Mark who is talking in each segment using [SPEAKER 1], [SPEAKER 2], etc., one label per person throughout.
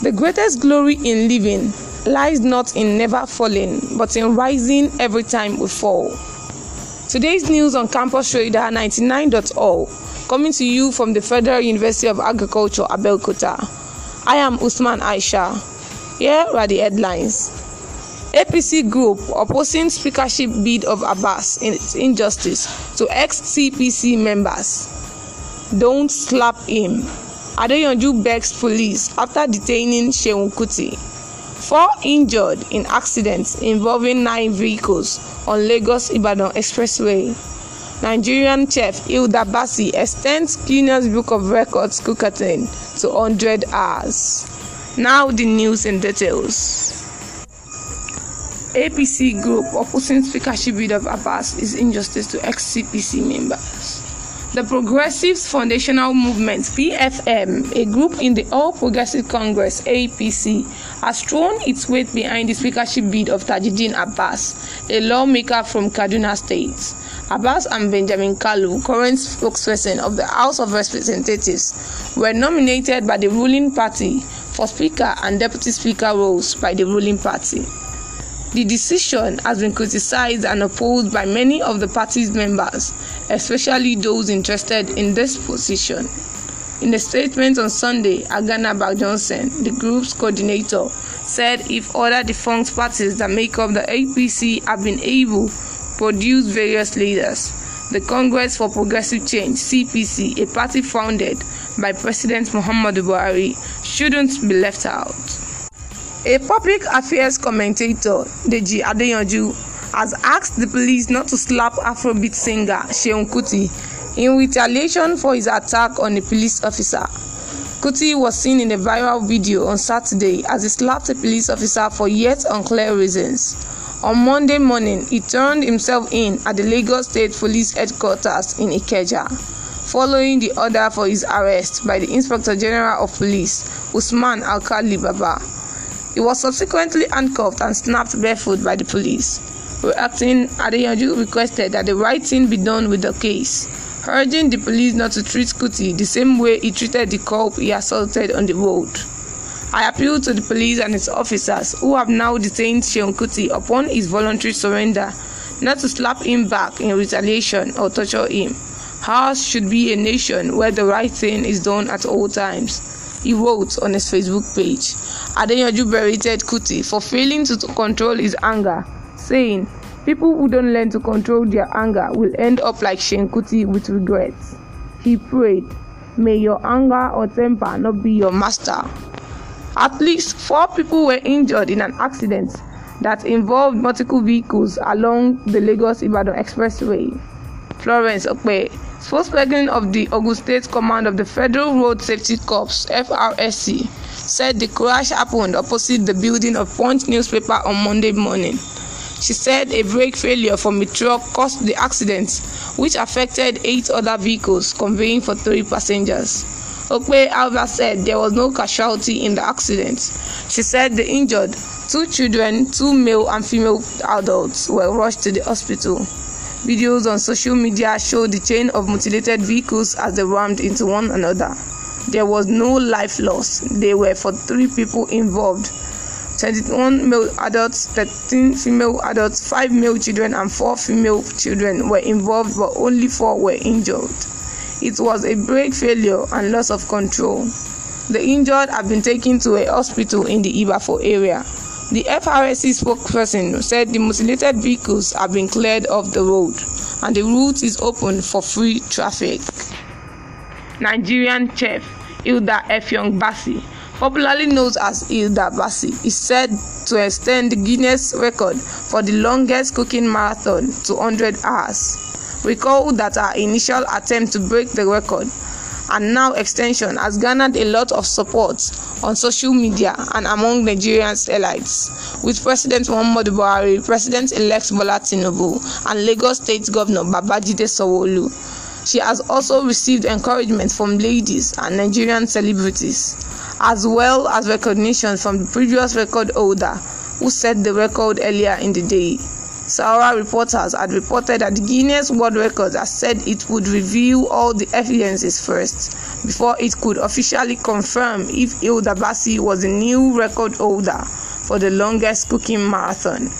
[SPEAKER 1] The greatest glory in living lies not in never falling, but in rising every time we fall. Today's news on Campus Radar 99.0 coming to you from the Federal University of Agriculture, Abelkota. I am Usman Aisha. Here are the headlines. APC group opposing speakership bid of Abbas in its injustice to ex-CPC members. Don't slap him. Adeyanju begs police after detaining Shehu Kuti. Four injured in accident involving nine vehicles on Lagos-Ibadan Expressway. Nigerian chef Hilda Bassi extends Guinness Book of Records cook curtain to 100 hours. Now the news and details. APC group opposing speakership bid of Abbas is injustice to ex-CPC member. The Progressives Foundational Movement, PFM, a group in the All Progressive Congress, APC, has thrown its weight behind the speakership bid of Tajidin Abbas, a lawmaker from Kaduna State. Abbas and Benjamin Kalu, current spokesperson of the House of Representatives, were nominated by the ruling party for Speaker and Deputy Speaker roles by the ruling party. The decision has been criticized and opposed by many of the party's members, especially those interested in this position. In a statement on Sunday, Agana Johnson, the group's coordinator, said if other defunct parties that make up the APC have been able to produce various leaders, the Congress for Progressive Change (CPC), a party founded by President Muhammadu Buhari, shouldn't be left out. A public affairs commentator, Deji Adeyanju, has asked the police not to slap Afrobeat singer Seun Kuti in retaliation for his attack on a police officer. Kuti was seen in a viral video on Saturday as he slapped a police officer for yet unclear reasons. On Monday morning, he turned himself in at the Lagos State Police Headquarters in Ikeja, following the order for his arrest by the Inspector General of Police, Usman Alkali Baba. He was subsequently handcuffed and snapped barefoot by the police. Reacting, Adeyanju requested that the right thing be done with the case, urging the police not to treat Kuti the same way he treated the cop he assaulted on the road. I appeal to the police and its officers who have now detained Sheon Kuti upon his voluntary surrender not to slap him back in retaliation or torture him. Ours should be a nation where the right thing is done at all times, he wrote on his Facebook page. Adeyanju berated Kuti for failing to control his anger, saying, People who don't learn to control their anger will end up like Shane Kuti with regrets. He prayed, May your anger or temper not be your master. At least four people were injured in an accident that involved multiple vehicles along the Lagos Ibadan Expressway. Florence Okpe, spokesperson of the Ogun State Command of the Federal Road Safety Corps (FRSC), said the crash happened opposite the building of Punch newspaper on Monday morning. She said a brake failure from a truck caused the accident, which affected eight other vehicles, conveying for three passengers. Okwe Alva said there was no casualty in the accident. She said the injured, two children, two male and female adults, were rushed to the hospital. Videos on social media show the chain of mutilated vehicles as they rammed into one another. There was no life loss. They were for three people involved. 21 male adults, 13 female adults, 5 male children, and 4 female children were involved, but only 4 were injured. It was a brake failure and loss of control. The injured have been taken to a hospital in the Ibafo area. The FRSC spokesperson said the mutilated vehicles have been cleared off the road and the route is open for free traffic. Nigerian chef Hilda Efiong Bassey, popularly known as Hilda Bassey, is said to extend the Guinness record for the longest cooking marathon to 100 hours. Recall that her initial attempt to break the record and now extension has garnered a lot of support on social media and among Nigerians elites, with President Muhammadu Buhari, President-elect Bola Tinubu, and Lagos State Governor Babajide Sanwo-Olu She has also received encouragement from ladies and Nigerian celebrities, as well as recognition from the previous record holder who set the record earlier in the day. Sahara reporters had reported that Guinness World Records had said it would review all the evidences first before it could officially confirm if Hilda was the new record holder for the longest cooking marathon.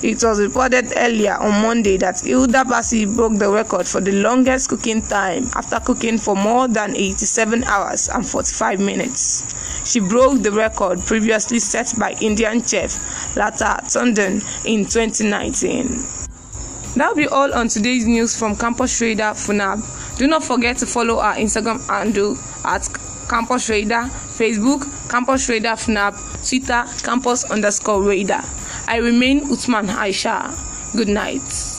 [SPEAKER 1] It was reported earlier on Monday that Hilda Bassi broke the record for the longest cooking time after cooking for more than 87 hours and 45 minutes. She broke the record previously set by Indian chef Lata Tondon in 2019. That'll be all on today's news from Campus Trader Funab. Do not forget to follow our Instagram handle at Campus Facebook, Campus Trader Funab, Twitter, Campus underscore Radar. I remain Utman Aisha. Good night.